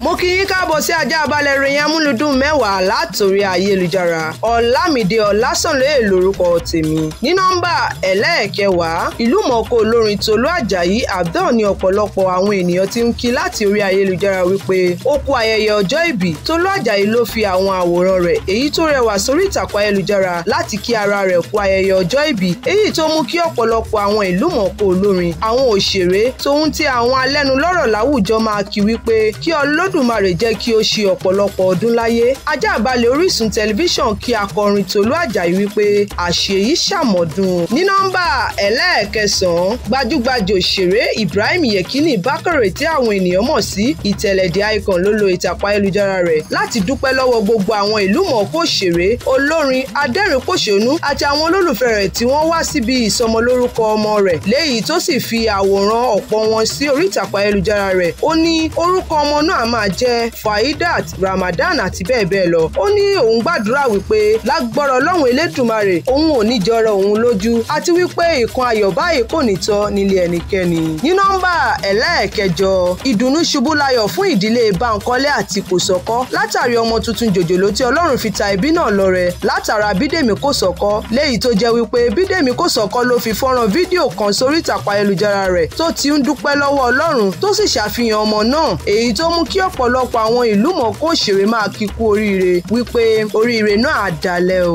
mo kí yín káàbọ̀ sí ajá balẹ̀ ìròyìn amúlùdùn mẹ́wàá látòrí ayélujára ọ̀làmìdé ọ̀làsànlóye lórúkọ tèmi ní nọ́mbà ẹlẹ́ẹ̀kẹwàá ìlúmọ̀ọ́ká olórin tolú àjàyí abdul ní ọ̀pọ̀lọpọ̀ àwọn ènìyàn ti ń kí láti orí ayélujára wípé ó kú ayẹyẹ ọjọ́ ìbí tolú àjàyí ló fi àwọn àwòrán rẹ̀ èyí tó rẹwà sórí ìtàkùn ayélujára láti kí ara rẹ̀ kú ayẹyẹ ọjọ́ ìbí èyí tó mú kí ọ̀pọ̀lọpọ̀ àwọn ìlúmọ̀ọ́ká olórin àwọn òṣèré tòun ti àwọn alẹ́nulọ́rọ̀ láwùjọ máa kí wípé kí ọlọ́ Elédùmarè jẹ́ kí ó ṣe ọ̀pọ̀lọpọ̀ ọdún láyé ajá balẹ̀ Orísun tẹlifíṣàn kí akọrin Tolú Àjàyí wípé àṣeyí ṣàmọ̀dún ní nọ́mbà ẹlẹ́ẹ̀kẹsàn-án gbajúgbajù òṣèré Ibrahim Yekini Bakare tí àwọn ènìyàn mọ̀ sí ìtẹ̀lẹ̀dẹ̀ icon ló lo ìtàpá ayélujára rẹ̀ láti dúpẹ́ lọ́wọ́ gbogbo àwọn ìlú mọ̀ọ́ká òṣèré olórin adẹ́rìnpòṣónú àti àwọn olólùfẹ́ rẹ̀ tí wọ́n wá síbi ìsọmọlórúkọ ọmọ rẹ̀ léyìí tó sì fi àwòrán ọ̀pọ̀ wọn sí orí ìtàpá ayélujára rẹ̀ ó ní orúkọ ọmọ náà máa jẹ́ Faidat Ramadan àti bẹ́ẹ̀ bẹ́ẹ̀ lọ ó ní òun gbàdúrà wípé lágbọ́rọ̀ ọlọ́run elédùnmarè òun ò ní jọrọ òun lójú àti wípé ìkan ayọ̀ báyìí kò ní tọ́ nílé ẹnikẹ́ni ní nọ́mbà ẹlẹ́ẹ̀kẹjọ ìdùnnú ṣubú layọ̀ fún ìdílé Bánkọ́lé àti Kòsọ́kọ́ látàrí ọmọ tuntun jòjòló tí ọlọ́run fi ta ẹbí náà lọ́rẹ látara Bídèmí Kòsọ́kọ́ léyìí tó jẹ́ wípé Bídèmí Kòsọ́kọ́ ló fi fọ́nrán fídíò kan sórí ìtàkùn ayélujára rẹ̀ tó ti ń dúpẹ́ lọ́wọ́ ọlọ́run tó sì ṣàfihàn ọmọ náà èyí tó mú kí ọ ọ̀pọ̀lọpọ̀ àwọn ìlú mọ̀ọ́ká òṣèré máa kí kú oríire wípé oríire náà á o.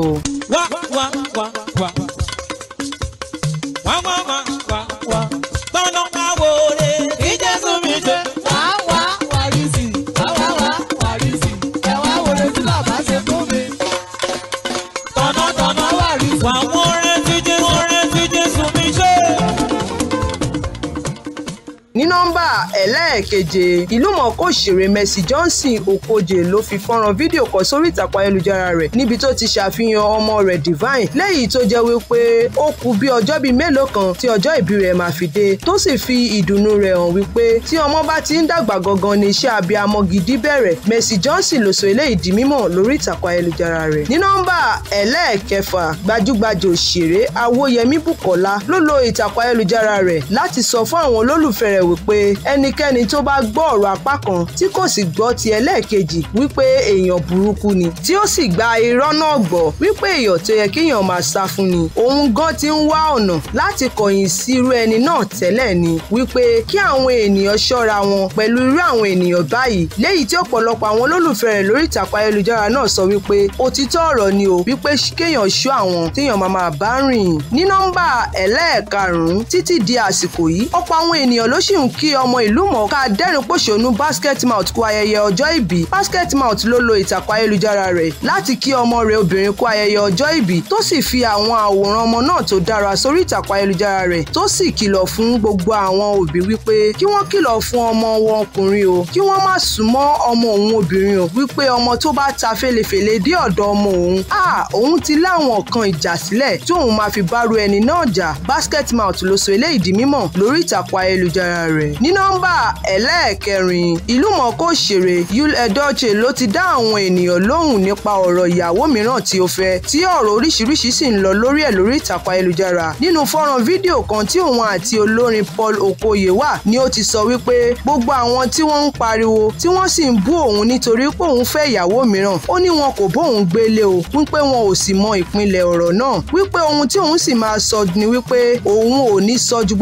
wá wá wá wá. ẹlẹ́ẹ̀keje ìlúmọ̀ọ́ká òṣèré Mercy Johnson Okoje ló fi fọ́nrán fídíò kan sórí ìtàkùn ayélujára rẹ̀ níbi tó ti ṣàfihàn ọmọ rẹ̀ Divine lẹ́yìn tó jẹ́ wípé ó kù bí ọjọ́ bíi mélòó kan tí ọjọ́ ìbí rẹ̀ máa fi dé tó sì fi ìdùnnú rẹ̀ hàn wípé tí ọmọ bá ti ń dàgbà gangan ni iṣẹ́ abiyamọ gidi bẹ̀rẹ̀ Mercy Johnson ló sọ eléyìí di mímọ̀ lórí ìtàkùn ayélujára rẹ̀ ní nọ́mbà ẹlẹ́ẹ̀kẹfà gbajúgbajà òṣèré Awóyẹmí Bùkọ́lá ló lo ìtàkùn ayélujára rẹ̀ láti sọ fún àwọn olólùfẹ́ rẹ̀ wípé ẹnikẹ́ni tó bá gbọ́ ọ̀rọ̀ apá kan tí kò sì gbọ́ ti ẹlẹ́ẹ̀kejì wípé èèyàn burúkú ni tí ó sì gba irọ́ náà gbọ́ wípé èèyàn tó yẹ kéèyàn máa sá fún ni òun gan ti ń wá ọ̀nà láti kọ̀yìn sí irú ẹni náà tẹ́lẹ̀ ni wípé kí àwọn ènìyàn ṣọ́ra wọn pẹ̀lú irú àwọn ènìyàn báyìí léyìí tí ọ̀pọ̀lọpọ̀ àwọn olólùfẹ́ rẹ̀ lórí ìtàkùn ayélujára náà sọ wípé òtítọ́ ọ̀rọ̀ ni o wípé kéèyàn ṣọ́ àwọn téèyàn máa máa bá rìn ní nọ́mbà ẹlẹ́ẹ̀karùn-ún títí di àsìkò yìí ọ̀pọ̀ àwọn ènìyàn ló sì ń kí ọmọ ọmọ ìlú mọ̀ọ́ká dẹ́rìn-pọ̀ṣọ́nù basket mouth kú ayẹyẹ ọjọ́ ìbí basket mouth ló lo ìtàkùn ayélujára rẹ̀ láti kí ọmọ rẹ̀ obìnrin kú ayẹyẹ ọjọ́ ìbí tó sì fi àwọn àwòrán ọmọ náà tó dára sórí ìtàkùn ayélujára rẹ̀ tó sì kìlọ̀ fún gbogbo àwọn òbí wípé kí wọ́n kìlọ̀ fún ọmọ wọn ọkùnrin o kí wọ́n má súnmọ́ ọmọ òun obìnrin o wípé ọmọ tó bá ta fèlèfèlè dé ọ̀dọ̀ ọmọ òun a òun ti láwọn kan ìjà sílẹ̀ tí òun máa fi bárò ẹni náà jà basket mouth ló sọ eléyìí di mímọ̀ lórí ìtàkùn ayélujára rẹ̀ nínú nọ́mbà ẹlẹ́ẹ̀kẹrin ìlúmọ̀ọ́ká òṣèré Yul Edochie ló ti dá àwọn ènìyàn lóhùn nípa ọ̀rọ̀ ìyàwó mìíràn tí ó fẹ́ tí ọ̀rọ̀ oríṣiríṣi sì ń lọ lórí ẹ̀ lórí ìtàkùn ayélujára nínú fọ́nrán fídíò kan tí òun àti olórin Paul Okoye wà ni ó ti sọ wípé gbogbo àwọn tí wọ́n ń pariwo tí wọ́n sì ń bú òun nítorí pé òun fẹ́ ìyàwó mìíràn ó ní wọn kò bóun gbélé o wípé wọn ò sì mọ ìpínlẹ̀ ọ̀rọ̀ náà ni wípé òun ò ní sọ ju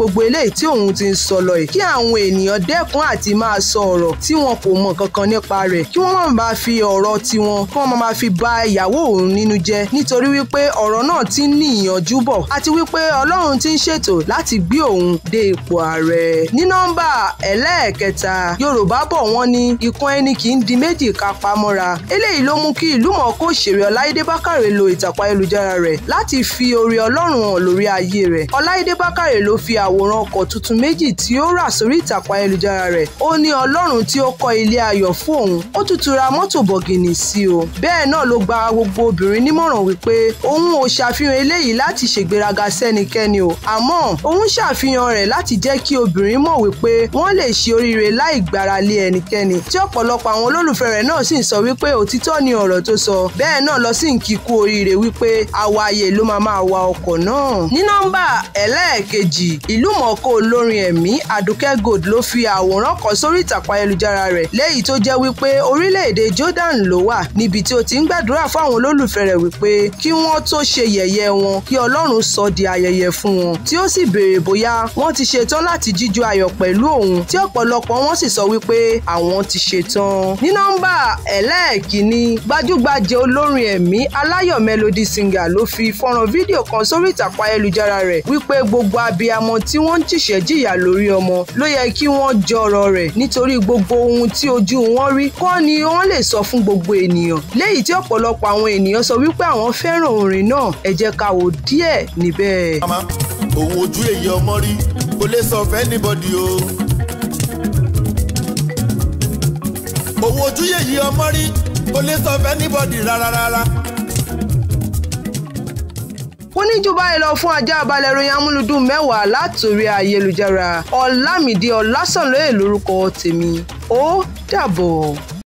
ti ń sọ lọ yìí ènìyàn dẹ́kun àti máa sọ ọ̀rọ̀ tí wọn kò mọ̀ kankan nípa rẹ̀ kí wọ́n má bàa fi ọ̀rọ̀ tiwọn kí wọ́n má bàa fi ba ìyàwó òun nínú jẹ́ nítorí wípé ọ̀rọ̀ náà ti ń ní ìyànjú bọ̀ àti wípé ọlọ́run ti ń ṣètò láti gbé òun dé ipò ààrẹ. ní nọ́mbà ẹlẹ́ẹ̀kẹta yorùbá bọ̀ wọ́n ní ìkan ẹni kì í di méjì ká pamọ́ra eléyìí ló mú kí ìlú òṣèré ọláìdé bákàrè lo ìtàkùn ayélujára rẹ̀ láti fi oore ọlọ́run hàn lórí ayé rẹ̀ ọláìdé bákàrè ló fi àwòrán ọkọ̀ tuntun méjì tí ó rà sórí ìtàkùn àpò ayélujára rẹ̀ ó ní ọlọ́run tí ó kọ́ ilé ayọ̀ fún òun ó tutù ra mọ́tò bọ̀gìnì sí o bẹ́ẹ̀ náà ló gba gbogbo obìnrin nímọ̀ràn wípé òun ò ṣàfihàn eléyìí láti ṣègbéraga sẹ́nikẹ́ni o àmọ́ òun ṣàfihàn rẹ̀ láti jẹ́ kí obìnrin mọ̀ wípé wọ́n lè ṣe oríire láì gbára lé ẹnikẹ́ni tí ọ̀pọ̀lọpọ̀ àwọn olólùfẹ́ rẹ̀ náà sì ń sọ wípé òtítọ́ ni ọ̀rọ̀ tó sọ bẹ́ẹ̀ náà lọ sí ń kú oríire wípé àwàyè ló máa máa wa ọkọ̀ náà ní nọ́mbà ẹlẹ́ẹ̀kejì ìlúmọ̀ọ́kọ́ ló fi àwòrán kan sórí ìtàkùn ayélujára rẹ̀ léyìí tó jẹ́ wípé orílẹ̀-èdè Jordan ló wà níbi tí ó ti ń gbàdúrà fáwọn olólùfẹ́ rẹ̀ wípé kí wọ́n tó ṣe yẹ̀yẹ́ wọn kí Ọlọ́run sọ di ayẹyẹ fún wọn tí ó sì béèrè bóyá wọ́n ti ṣetán láti jíjó ayọ̀ pẹ̀lú òun tí ọ̀pọ̀lọpọ̀ wọn sì sọ wípé àwọn ti ṣetán. ní nọ́mbà ẹlẹ́ẹ̀kínní gbajúgbajà olórin ẹ̀mí aláyọ̀ melody singer ló fi fọ́nrán fídíò kan sórí ìtàkùn ayélujára rẹ̀ wípé gbogbo abiyamọ tí wọ́n ń jìṣẹ́ lórí ọmọ ló yẹ kí kí wọ́n jọrọ̀ rẹ̀ nítorí gbogbo ohun tí ojú wọn rí kọ́ ni wọ́n lè sọ fún gbogbo ènìyàn léyìí tí ọ̀pọ̀lọpọ̀ àwọn ènìyàn sọ wípé àwọn fẹ́ràn orin náà ẹ jẹ́ ká wò díẹ̀ níbẹ̀. òun ojú èyí ọmọ rí kò lè sọ fẹ́ anybody o. òun ojú èyí ọmọ rí kò lè sọ fẹ́ anybody rárá rárá ní jù báyìí lọ fún ajá balẹ̀ ìròyìn amúlùdùn mẹ́wàá látòrí ayélujára ọ̀làmìdí ọ̀làsànlóye lórúkọ tèmi ó dàbọ̀.